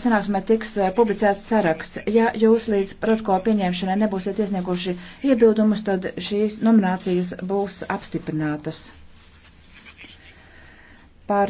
sanāksmē tiks eh, publicēts saraksts. Ja jūs līdz protokolu pieņemšanai nebūsiet iesnieguši iebildumus, tad šīs nominācijas būs apstiprinātas.